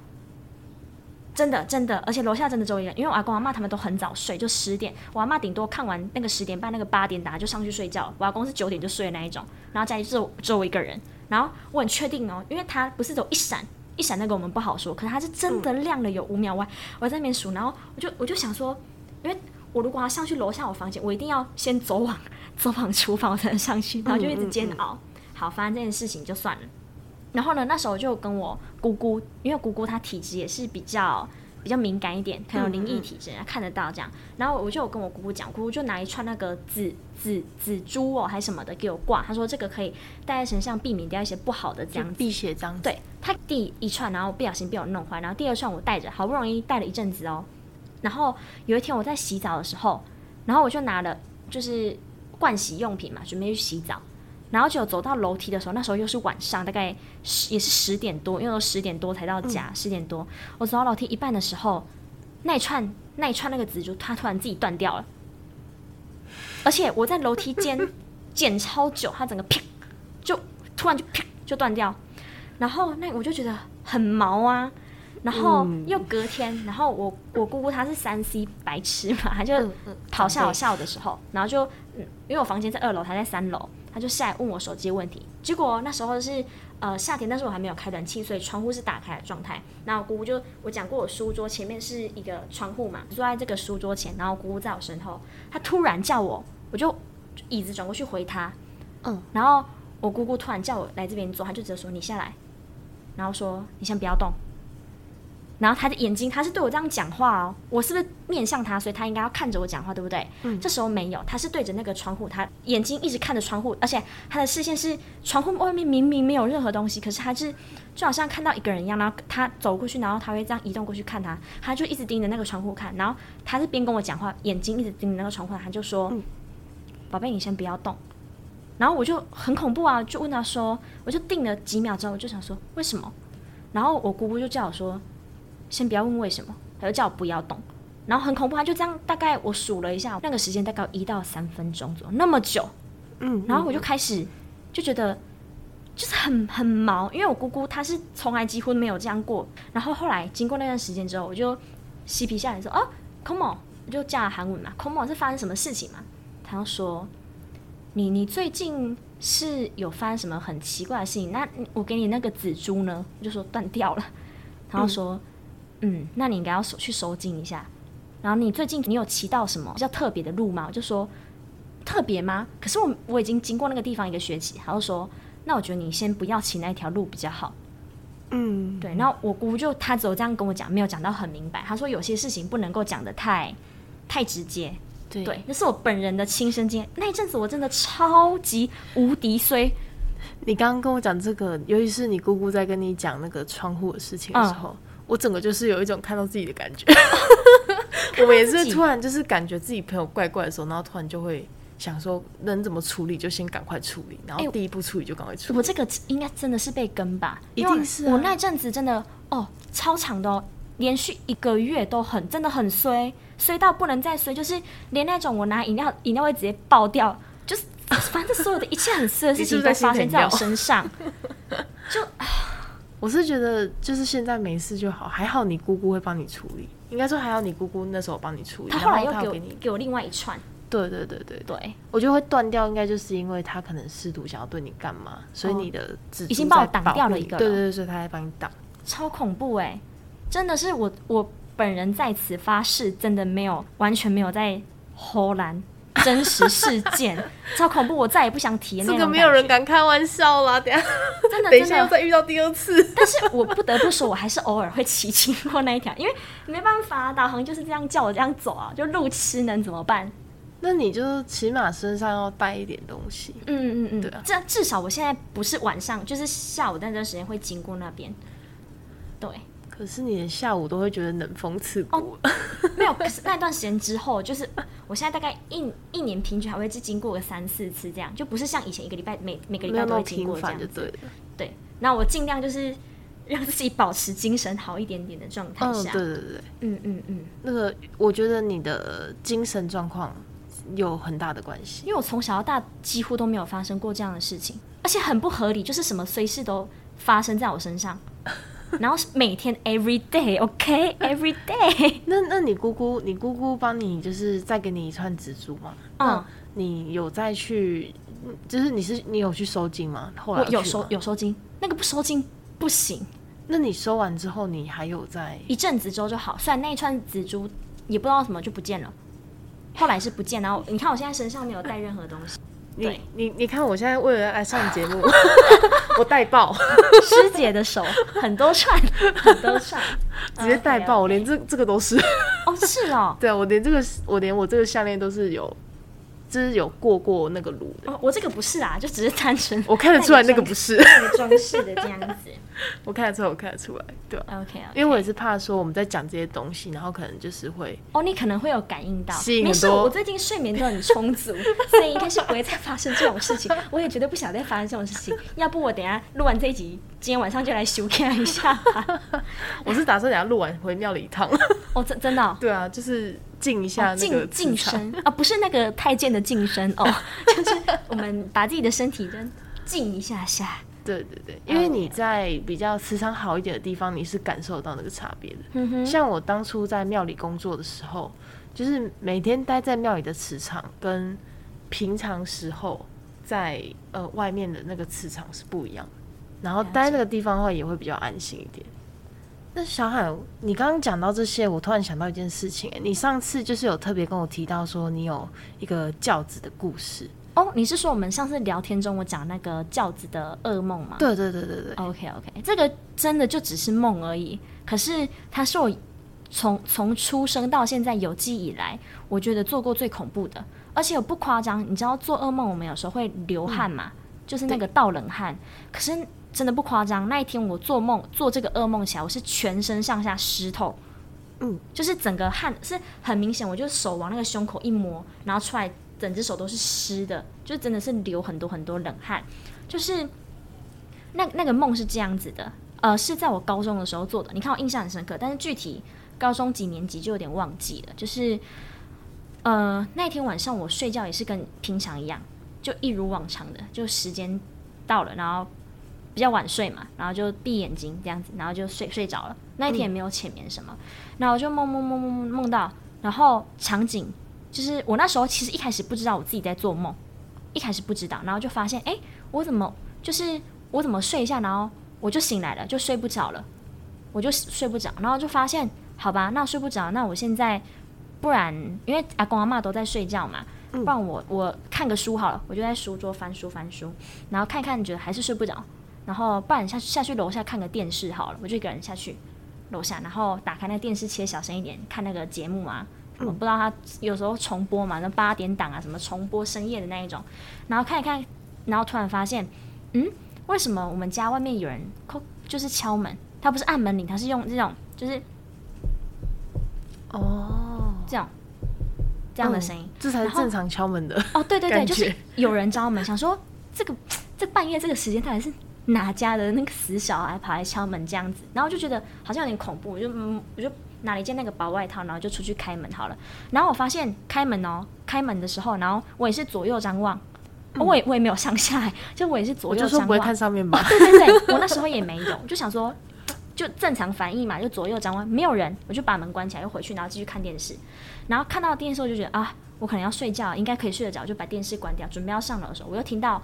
真的真的，而且樓下真的只有一個人，因為我阿公阿嬤他們都很早睡，就十點，我阿嬤頂多看完那個十點半那個八點檔就上去睡覺，我阿公是九點就睡的那一種，然後再就只有一個人，然後我很確定哦，因為它不是走一閃一閃那個我們不好說，可是它是真的亮了有五秒，我、嗯、我在那邊數，然後我就我就想說，因為我如果要上去樓下我房間，我一定要先走往走往廚房才能上去，然後就一直煎熬。嗯嗯嗯好，發生這件事情就算了。然後呢，那時候就跟我姑姑，因為姑姑她體質也是比較比較敏感一點，她有靈異體質，嗯嗯、她看得到這樣。然後我就跟我姑姑講，姑姑就拿一串那個紫紫紫珠哦、喔，還是什麼的給我掛。她說這個可以戴在身上，避免掉一些不好的這樣避邪髒。血對，她第一串，然後我不小心被我弄壞，然後第二串我帶着，好不容易帶了一陣子哦、喔。然後有一天我在洗澡的時候，然後我就拿了就是盥洗用品嘛，準備去洗澡。然後就走到樓梯的時候，那時候又是晚上，大概十也是十點多，因為我十點多才到家。嗯、十點多，我走到樓梯一半的時候，那一串那一串那個紫竹，它突然自己斷掉了。而且我在樓梯間 剪超久，它整個啪就突然就啪就斷掉。然後那我就覺得很毛啊。然後又隔天，嗯、然後我我姑姑她是三 C 白痴嘛，她就跑下跑下午的時候，嗯嗯、然後就、嗯、因為我房間在二樓，她在三樓。他就下來問我手機問題，結果那時候是呃夏天，但是我還沒有開暖氣，所以窗戶是打開的狀態。那我姑姑就我講過，我書桌前面是一個窗戶嘛，坐在這個書桌前，然後姑姑在我身後，她突然叫我，我就椅子轉過去回她，嗯，然後我姑姑突然叫我來這邊坐，她就直接說你下來，然後說你先不要動。然後他的眼睛，他是對我這樣講話哦，我是不是面向他？所以他應該要看着我講話，對不對？嗯。這時候沒有，他是對着那個窗戶，他眼睛一直看着窗戶，而且他的視線是窗戶外面明明沒有任何東西，可是他是就好像看到一個人一樣。然後他走過去，然後他會這樣移動過去看他，他就一直盯着那個窗戶看。然後他是邊跟我講話，眼睛一直盯着那個窗戶，他就說：“嗯。寶貝，你先不要動。”然後我就很恐怖啊，就問他說：“我就定了幾秒鐘，我就想說為什麼？”然後我姑姑就叫我說。先不要問為什麼，他就叫我不要動，然後很恐怖，他就這樣。大概我數了一下，那個時間大概一到三分鐘左右，那麼久。嗯，然後我就開始就覺得就是很很毛，因為我姑姑她是從來幾乎沒有這樣過。然後後來經過那段時間之後，我就嬉皮笑臉說：“哦、啊，Como，我就叫她韓文嘛，Como 是發生什麼事情嘛？”他就說：“你你最近是有發生什麼很奇怪的事情？”那我給你那個紫珠呢，我就說斷掉了。他說。嗯嗯，那你應該要去收緊一下。然後你最近你有騎到什麼比較特別的路嗎？我就說特別嗎？可是我我已經經過那個地方一個學期，他就說，那我覺得你先不要騎那一條路比較好。嗯，對。然後我姑姑就他只有這樣跟我講，沒有講到很明白。他說有些事情不能夠講得太太直接。對，那是我本人的親身經驗。那一陣子我真的超級無敵衰。你剛剛跟我講這個，尤其是你姑姑在跟你講那個窗戶的事情的時候。嗯我整個就是有一種看到自己的感覺， 自 我們也是突然就是感覺自己朋友怪怪的時候，然後突然就會想說能怎麼處理就先趕快處理，然後第一步處理就趕快處理、欸我。我這個應該真的是被跟吧，一定是啊、因為我那陣子真的哦超長的、哦、連續一個月都很真的很衰，衰到不能再衰，就是連那種我拿飲料飲料會直接爆掉，就是反正所有的一切很衰的事情都發生在我身上， 是是 就。我是覺得，就是現在沒事就好，還好你姑姑會幫你處理。應該說，還好你姑姑那時候幫你處理，他後來又給你給，給我另外一串。對對對對，對我覺得會斷掉，應該就是因為他可能試圖想要對你幹嘛，所以你的你已經幫我擋掉了一個了。對對對，所以他還幫你擋，超恐怖哎、欸！真的是我，我本人在此發誓，真的沒有，完全沒有在唬爛。 真實事件超恐怖，我再也不想體驗那種感覺。這個沒有人敢開玩笑啦，等一下 真的，真的等一下要再遇到第二次。 但是我不得不說，我還是偶爾會騎經過那一條，因為沒辦法、啊，導航就是這樣叫我這樣走啊，就路痴能怎麼辦？那你就起碼身上要帶一點東西。嗯嗯嗯，對啊，這至少我現在不是晚上，就是下午那段時間會經過那邊。對，可是你連下午都會覺得冷風刺骨、 哦，沒有？可是那段時間之後就是。我現在大概一一年平均還會去經過個三四次這樣，就不是像以前一個禮拜每每個禮拜都會經過這樣子。對，對，那我儘量就是讓自己保持精神好一點點的狀態下，嗯。對對對對，嗯，嗯嗯嗯。那個，我覺得你的精神狀況有很大的關係，因為我從小到大幾乎都沒有發生過這樣的事情，而且很不合理，就是什麼隨時都發生在我身上。 然後是每天，every day，OK，every day。 那那你姑姑，你姑姑幫你就是再給你一串紫珠嗎？嗯，你有再去，就是你是你有去收驚嗎？後來有，有收有收驚，那個不收驚不行。那你收完之後，你還有在一陣子之後就好，雖然那一串紫珠也不知道什麼就不見了，後來是不見。然後你看我現在身上沒有帶任何東西。 你對你你看，我現在為了愛上節目， 我帶爆、啊、師姐的手 很多串，很多串，直接帶爆， 我連這 這個都是 哦，是哦，對啊，我連這個我連我這個項鏈都是有。就是有過過那個爐的、哦，我這個不是啊，就只是單純。我看得出來那個不是。裝飾 的這樣子，我看得出，我看得出來，對 OK 啊，okay, okay. 因為我也是怕說我們在講這些東西，然後可能就是會哦，你可能會有感應到。沒事，我最近睡眠都很充足， 所以應該是不會再發生這種事情。 我也覺得不想再發生這種事情。 要不我等下錄完這一集，今天晚上就來休息一下吧。我是打算等下錄完回廟裡一趟。 哦，真真的，哦，對啊，就是靜一下那個靜、哦、身啊、哦，不是那個太監的靜身 哦，就是我們把自己的身體跟靜一下下。對對對，因為你在比較磁場好一點的地方，你是感受到那個差別的。嗯哼，像我當初在廟裡工作的時候，就是每天待在廟裡的磁場跟平常時候在呃外面的那個磁場是不一樣的，然後待那個地方的話也會比較安心一點。那小海，你剛剛講到這些，我突然想到一件事情。你上次就是有特別跟我提到說，你有一個轎子的故事哦。你是說我們上次聊天中我講那個轎子的噩夢嗎？對對對對對。OK OK，這個真的就只是夢而已。可是他是我從從出生到現在有記憶以來，我覺得做過最恐怖的，而且我不誇張，你知道做噩夢我們有時候會流汗嘛，嗯、就是那個盜冷汗。對可是。真的不誇張，那一天我做夢做這個噩夢起來，我是全身上下濕透，嗯，就是整個汗是很明顯，我就手往那個胸口一摸，然後出來整隻手都是濕的，就真的是流很多很多冷汗，就是那那個夢是這樣子的，呃，是在我高中的時候做的，你看我印象很深刻，但是具體高中幾年級就有點忘記了，就是呃那天晚上我睡覺也是跟平常一樣，就一如往常的，就時間到了，然後。比較晚睡嘛，然後就閉眼睛這樣子，然後就睡睡着了。那一天也沒有淺眠什麼，嗯、然後我就夢夢夢夢夢到，然後場景就是我那時候其實一開始不知道我自己在做夢，一開始不知道，然後就發現哎、欸，我怎麼就是我怎麼睡一下，然後我就醒來了，就睡不着了，我就睡不着，然後就發現好吧，那我睡不着，那我現在不然因為阿公阿嬤都在睡覺嘛，不然我我看個書好了，我就在書桌翻書翻書，然後看看覺得還是睡不着。然後不然下下去樓下看個電視好了，我就一個人下去樓下，然後打開那個電視，切小聲一點，看那個節目嘛，我不知道他有時候重播嘛？那八點檔啊，什麼重播深夜的那一種，然後看一看，然後突然發現，嗯，為什麼我們家外面有人敲？就是敲門，他不是按門鈴，他是用這種，就是，哦，這樣這樣的聲音、嗯，這才是正常敲門的。哦，對對對，就是有人敲門，想說 這個這半夜這個時間，他還是。哪家的那個死小孩跑來敲門這樣子，然後就覺得好像有點恐怖，我就嗯，我就拿了一件那個薄外套，然後就出去開門好了。然後我發現開門哦、喔，開門的時候，然後我也是左右張望，嗯、我也我也沒有上下來，就我也是左右張望。就是不會看上面嗎、哦？對對對，我那時候也沒有，就想說就正常反應嘛，就左右張望，沒有人，我就把門關起來，又回去，然後繼續看電視。然後看到電視，我就覺得啊，我可能要睡覺，應該可以睡得着，就把電視關掉，準備要上樓的時候，我又聽到。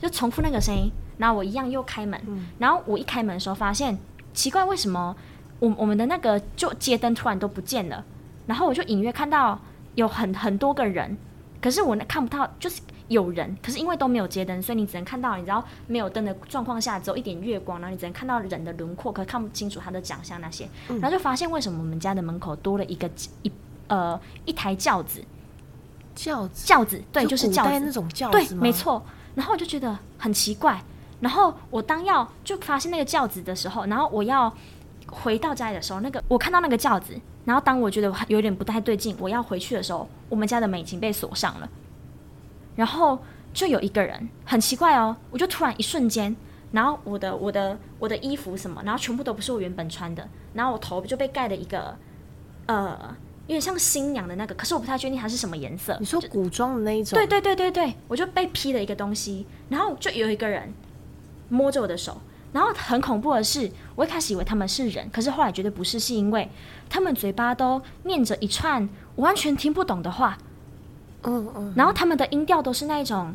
就重複那個聲音，Okay. 然後我一樣又開門，嗯、然後我一開門的時候，發現奇怪，為什麼我們我們的那個就街燈突然都不見了？然後我就隱約看到有很很多個人，可是我看不到，就是有人，可是因為都沒有街燈，所以你只能看到，你知道沒有燈的狀況下，只有一點月光，然後你只能看到人的輪廓，可看不清楚他的長相那些。嗯、然後就發現為什麼我們家的門口多了一個一,一呃一台轎子，轎子轎子對，就是古代那種轎子，對，沒錯。然後我就覺得很奇怪，然後我當要就發現那個轎子的時候，然後我要回到家裡的時候，那個我看到那個轎子，然後當我覺得有點不太對勁，我要回去的時候，我們家的門已經被鎖上了，然後就有一個人很奇怪哦，我就突然一瞬間，然後我的我的我的衣服什麼，然後全部都不是我原本穿的，然後我頭就被蓋了一個呃。有點像新娘的那個，可是我不太確定它是什麼顏色。你說古裝的那一種？對對對對對，我就被劈了一個東西，然後就有一個人摸着我的手，然後很恐怖的是，我一開始以為他們是人，可是後來絕對不是，是因為他們嘴巴都念着一串完全聽不懂的話。嗯嗯。然後他們的音調都是那種，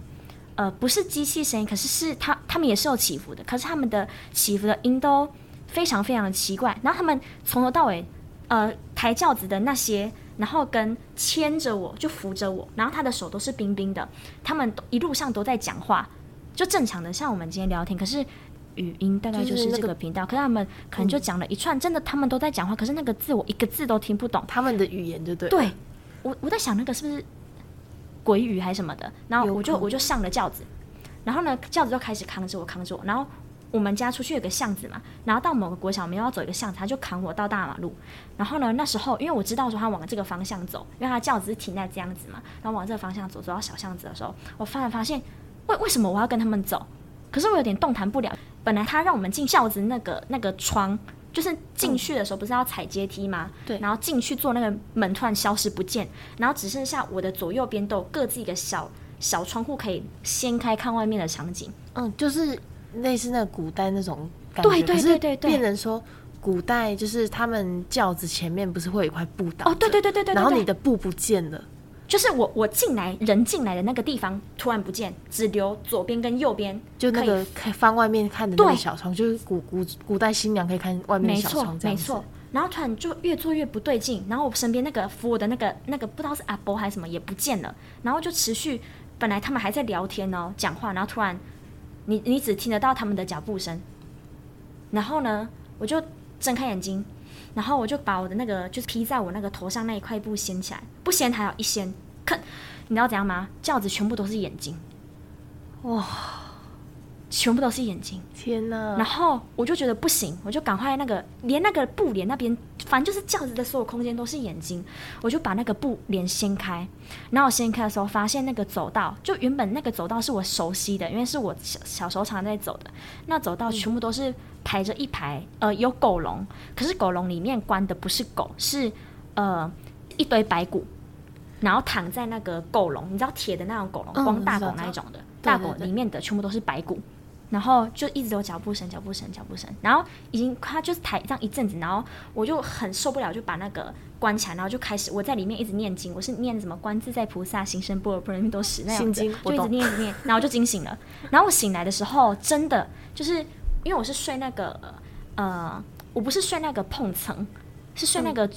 呃，不是機器聲音，可是是他，他他們也是有起伏的，可是他們的起伏的音都非常非常的奇怪。然後他們從頭到尾。呃，抬轎子的那些，然後跟牽着我，就扶着我，然後他的手都是冰冰的，他們一路上都在講話，就正常的，像我們今天聊天，可是語音大概就是這個頻道，是那個、可是他們可能就講了一串，嗯、真的他們都在講話，可是那個字我一個字都聽不懂，他們的語言就對，對，我我在想那個是不是鬼語還是什麼的，然後我就空我就上了轎子，然後呢轎子就開始扛着我扛着我，然後。我們家出去有個巷子嘛，然後到某個國小，我們要走一個巷子，他就扛我到大馬路。然後呢，那時候因為我知道說他往這個方向走，因為他轎子停在這樣子嘛，然後往這個方向走，走到小巷子的時候，我發現發現，為為什麼我要跟他們走？可是我有點動彈不了。本來他讓我們進轎子那個那個窗，就是進去的時候不是要踩階梯嗎？嗯、對。然後進去坐那個門突然消失不見，然後只剩下我的左右邊都有各自一個小小窗戶可以掀開看外面的場景。嗯，就是。類似那個古代那種感覺，對對對，對。變成說，古代就是他們轎子前面不是會有一塊布的哦，對對對對，對，對，對，對，然後你的布不見了，就是我我進來人進來的那個地方突然不見，只留左邊跟右邊，就那個看翻以外面看的那個小窗，對就是古古古代新娘可以看外面小窗沒，沒錯沒錯。然後突然就越做越不對勁，然後我身邊那個扶我的那個那個不知道是阿伯還是什麼也不見了，然後就持續本來他們還在聊天哦講話，然後突然。你你只聽得到他們的腳步聲，然後呢，我就睜開眼睛，然後我就把我的那個就是披在我那個頭上那一塊布掀起來，不掀還好一掀，看，你知道怎樣嗎？轎子全部都是眼睛，哇！全部都是眼睛，天哪。然後我就覺得不行，我就趕快那個連那個布簾那邊，反正就是這樣子的所有空間都是眼睛，我就把那個布簾掀開。然後我掀開的時候，發現那個走道，就原本那個走道是我熟悉的，因為是我小，小時候常在走的。那走道全部都是排着一排，嗯、呃，有狗籠，可是狗籠裡面關的不是狗，是呃一堆白骨，然後躺在那個狗籠，你知道鐵的那種狗籠，光大狗那一種的，嗯、對對對，大狗裡面的全部都是白骨。然後就一直有腳步聲，腳步聲，腳步聲。然後已經，他就是抬這樣一陣子，然後我就很受不了，就把那個關起來，然後就開始我在裡面一直念經，我是念什麼觀自在菩薩行深般若波羅蜜多時那樣的，就一直念一直念。然後就驚醒了， 然後我醒來的時候，真的就是因為我是睡那個呃，我不是睡那個碰層，是睡那個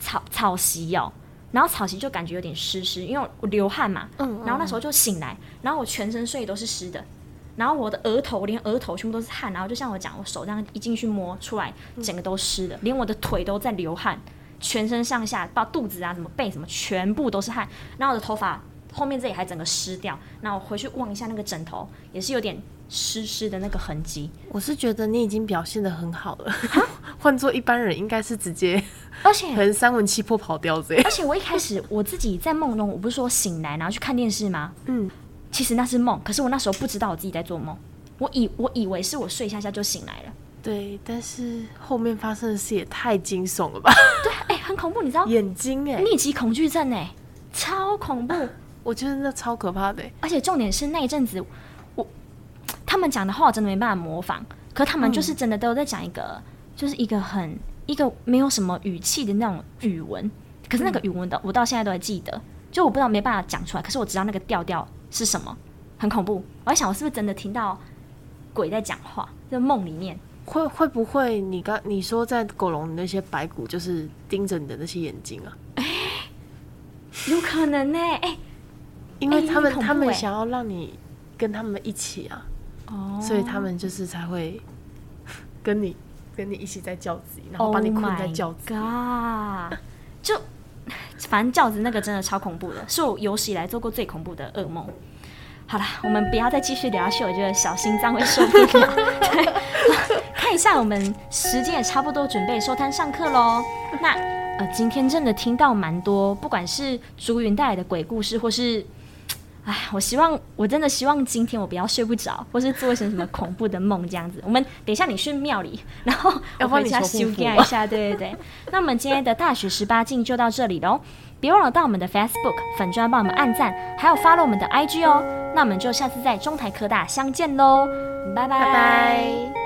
草，嗯、草席喲，哦，然後草席就感覺有點濕濕，因為我流汗嘛。嗯嗯然後那時候就醒來，然後我全身睡都是濕的。然後我的額頭，我連額頭全部都是汗，然後就像我講，我手這樣一進去摸出來，整個都濕的，嗯、連我的腿都在流汗，全身上下，包括肚子啊、什麼背什麼，全部都是汗。然後我的頭髮後面這裡還整個濕掉。那我回去望一下那個枕頭，也是有點濕濕的那個痕跡。我是覺得你已經表現得很好了。換做蛤 一般人應該是直接，而且可能三魂七魄跑掉這樣。而且我一開始我自己在夢中，我不是說醒來然後去看電視嗎？嗯。其實那是夢，可是我那時候不知道我自己在做夢，我以我以為是我睡一下下就醒來了。對，但是後面發生的事也太驚悚了吧？ 對，哎、欸，很恐怖，你知道？眼睛哎、欸，密集恐懼症哎、欸，超恐怖！我覺得那超可怕的、欸。而且重點是那一陣子，我他們講的話我真的沒辦法模仿，可是他們就是真的都在講一個，嗯、就是一個很一個沒有什麼語氣的那種語文，可是那個語文的我到現在都還記得，就我不知道沒辦法講出來，可是我知道那個調調。是什麼？很恐怖！我在想，我是不是真的聽到鬼在講話？在夢裡面會會不會你？你剛你說在狗籠裡那些白骨，就是盯着你的那些眼睛啊？欸、有可能呢、欸，欸、因為他們、欸欸、他們想要讓你跟他們一起啊，哦，oh, 所以他們就是才會跟你跟你一起在轎子，然後把你困在轎子，oh、就。反正轎子那個真的超恐怖的，是我有史以來做過最恐怖的噩夢。好了，我們不要再繼續聊下去，我覺得小心臟會受不了。 看一下，我們時間也差不多，準備收攤上課嘍。那呃，今天真的聽到蠻多，不管是竹雲帶來的鬼故事，或是。唉，我希望我真的希望今天我不要睡不着，或是做一些什麼恐怖的夢這樣子。 我們等一下你去廟裡，然後我幫你一下修一下，對 對 那我們今天的大學十八鏡就到這裡嘍，別忘了到我們的 Facebook 粉專幫我們按讚，還有 follow 我們的 IG 哦。那我們就下次在中台科大相見嘍，拜拜。Bye bye